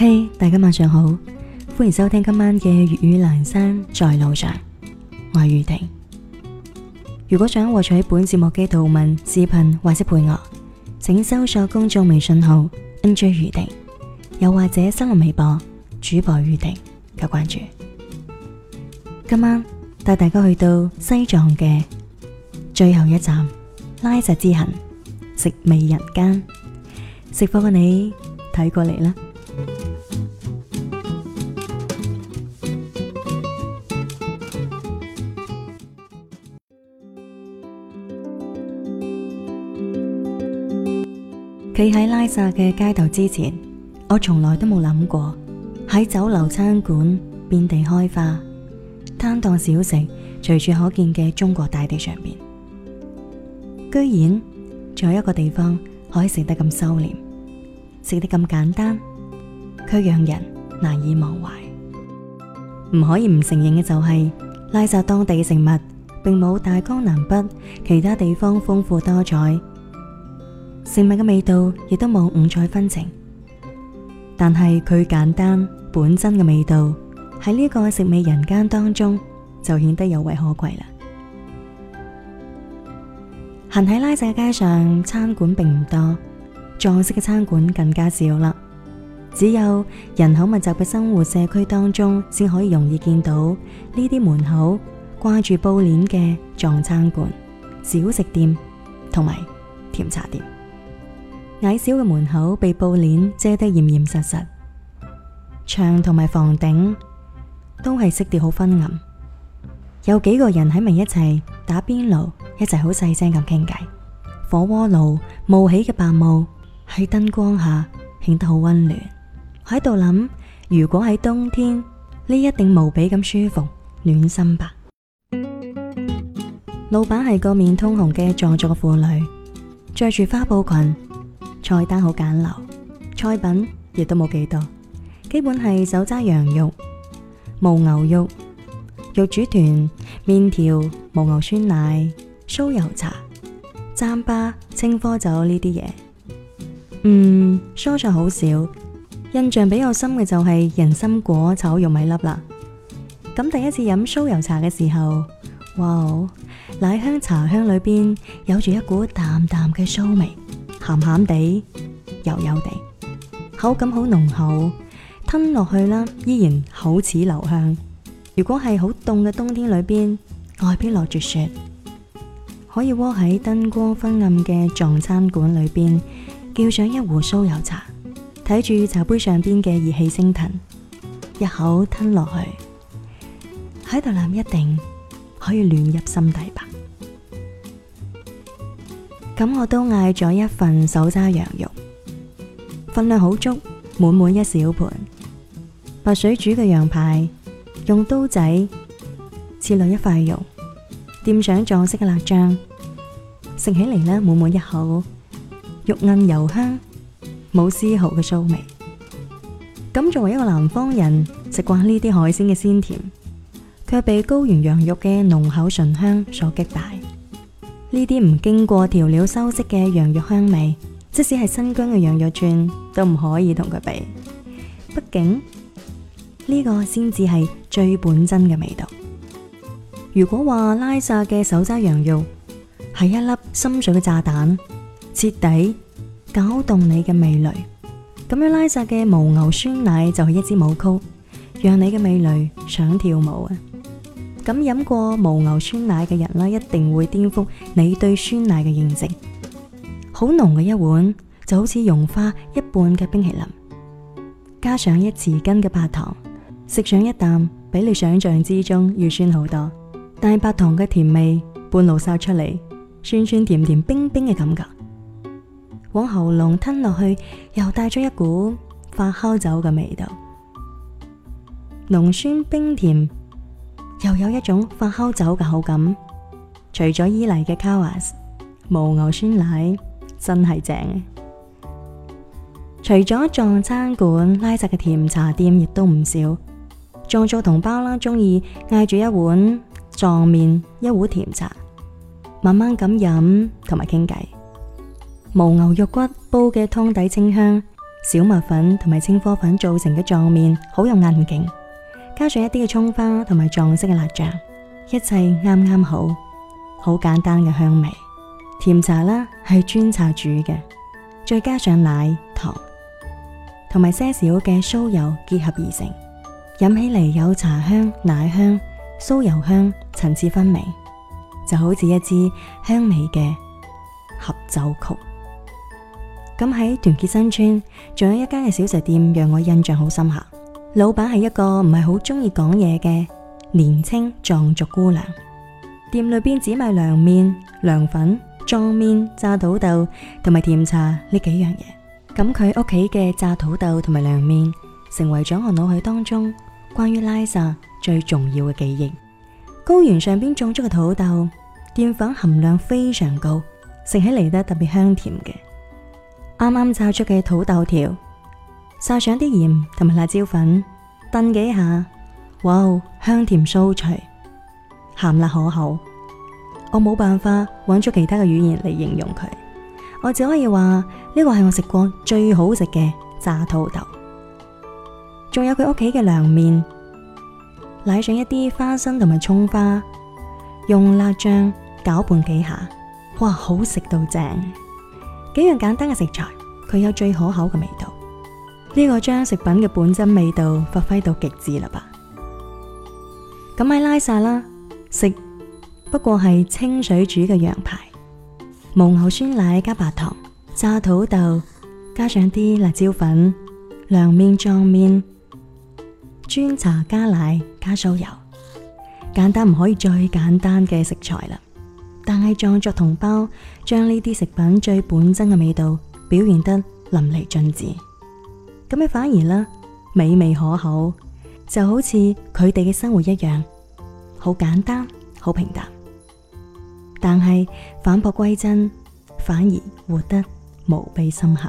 嘿，hey, 大家晚上好，歡迎收聽今晚嘅粵語《南山在路上》，我係宇婷。如果想獲取本節目嘅圖文、視頻或者配樂，請搜索公眾微信號 NJ 宇婷，又或者新浪微博主播宇婷加關注。今晚帶大家去到西藏嘅最後一站拉薩之行，食味人間，食貨嘅你睇過嚟啦。企喺拉薩嘅街頭之前，我從來都冇諗過喺酒樓餐館遍地開花、攤檔小食隨處可見嘅中國大地上面，居然仲有一個地方可以食得咁收斂、食得咁簡單，卻讓人難以忘懷。唔可以唔承認嘅就係，拉薩當地嘅食物並冇大江南北其他地方豐富多彩。食物嘅味道亦都冇五彩紛呈，但係佢簡單本真嘅味道喺呢個食味人間當中就顯得尤為可貴啦。行喺拉薩街上，餐館並唔多，藏式嘅餐館更加少啦。只有人口密集嘅生活社區當中，先可以容易見到呢啲門口掛住布簾嘅藏餐館、小食店同埋甜茶店。矮小嘅門口被布簾遮得嚴嚴實實，牆同埋房頂都係色調好昏暗。有幾個人喺埋一齊打邊爐，一齊好細聲咁傾偈。火鍋爐冒起嘅白霧喺燈光下顯得好溫暖。我喺度諗，如果喺冬天呢，一定無比咁舒服暖心吧。 老闆係個面通紅嘅藏族婦女，着住花布裙。菜單好簡陋，菜品亦都冇幾多，基本係手抓羊肉、牦牛肉、肉煮團、麵條、牦牛酸奶、酥油茶、糌粑、青稞酒呢啲嘢。嗯，蔬菜好少，印象比較深嘅就係人參果炒玉米粒啦。咁第一次飲酥油茶嘅時候，哇哦，奶香茶香裏邊有住一股淡淡嘅酥味。鹹鹹地，油油地，口感好濃厚，吞落去啦，依然口齒留香。如果係好凍嘅冬天裏邊，外邊落住雪，可以窩喺燈光昏暗嘅藏餐館裏邊，叫上一壺酥油茶，睇住茶杯上邊嘅熱氣升騰，一口吞落去，喺度諗一定可以暖入心底吧。咁我都嗌咗一份手抓羊肉，分量好足，滿滿一小盤。白水煮嘅羊排，用刀仔切落一塊肉，蘸上藏式嘅辣醬，食起嚟呢滿滿一口，肉韌油香，冇絲毫嘅膻味。咁作為一個南方人，食慣呢啲海鮮嘅鮮甜，卻被高原羊肉嘅濃厚醇香所擊敗。呢啲唔經過調料修飾嘅羊肉香味，即使係新疆嘅羊肉串，都唔可以同佢比。畢竟呢個先至係最本真嘅味道。如果話拉薩嘅手揸羊肉係一粒深水嘅炸彈，徹底攪動你嘅味蕾，咁樣拉薩嘅牦牛酸奶就係一支舞曲，讓你嘅味蕾想跳舞啊！咁飲過牦牛酸奶嘅人呢，一定會顛覆你對酸奶嘅認識。好濃嘅一碗，就好似融化一半嘅冰淇淋，加上一匙羹嘅白糖，食上一啖，比你想象之中要酸好多。但白糖嘅甜味半路殺出嚟，酸酸甜甜冰冰嘅感覺，往喉嚨吞落去，又帶咗一股發酵酒嘅味道，濃酸冰甜。又有一種發酵酒嘅口感，除咗伊犁嘅卡瓦斯，牦牛酸奶真係正。除咗藏餐館，拉薩嘅甜茶店亦都唔少。藏族同胞啦，中意嗌住一碗藏麵，一壺甜茶，慢慢咁飲同埋傾偈。牦牛肉骨煲嘅湯底清香，小麥粉同埋青稞粉做成嘅藏麵好有韌勁。加上一啲嘅蔥花同埋藏式嘅辣醬，一切啱啱好，好簡單嘅香味。甜茶呢係磚茶煮嘅，再加上奶、糖同埋些少嘅酥油結合而成，飲起嚟有茶香、奶香、酥油香，層次分明，就好似一支香味嘅合奏曲。咁喺團結新村仲有一間嘅小食店讓我印象好深刻。老闆係一個唔係好中意講嘢嘅年青藏族姑娘，店裏邊只賣涼麵、涼粉、藏麵、炸土豆同埋甜茶呢幾樣嘢。咁佢屋企嘅炸土豆同埋涼麵，成為咗我腦海當中關於拉薩最重要嘅記憶。高原上邊種咗嘅土豆澱粉含量非常高，食起嚟得特別香甜嘅。啱啱炸出嘅土豆條。撒上啲鹽同埋辣椒粉，顛幾下，哇！香甜酥脆，鹹辣可口。我冇辦法揾出其他嘅語言嚟形容佢，我只可以話呢個係我食過最好食嘅炸土豆。仲有佢屋企嘅涼麵，瀨上一啲花生同埋葱花，用辣醬攪拌幾下，哇！好食到正。幾樣簡單嘅食材，佢有最可口嘅味道。呢個將食品嘅本真味道發揮到極致啦吧。咁喺拉薩啦，食不過係清水煮嘅羊排、犛牛酸奶加白糖、炸土豆，加上啲辣椒粉、涼麵、藏麵、磚茶加奶加酥油，簡單唔可以最簡單嘅食材啦。但係藏族同胞將呢啲食品最本真嘅味道表現得淋漓盡致。咁樣反而呢，美味可口，就好似佢哋嘅生活一樣，好簡單，好平淡。但係返璞歸真，反而活得無比深刻。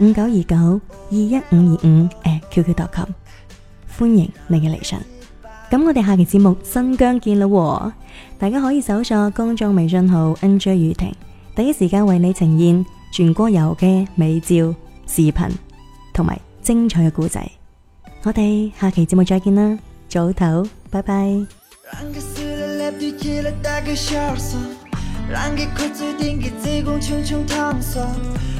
五九二九二一五二五，誒，@qq.com 歡迎你嘅嚟信。咁我哋下期節目新疆見啦，大家可以搜索公眾微信號 NJ 宇婷，第一時間為你呈現全國遊嘅美照、視頻同埋精彩嘅故仔。我哋下期節目再見啦，早唞，拜拜。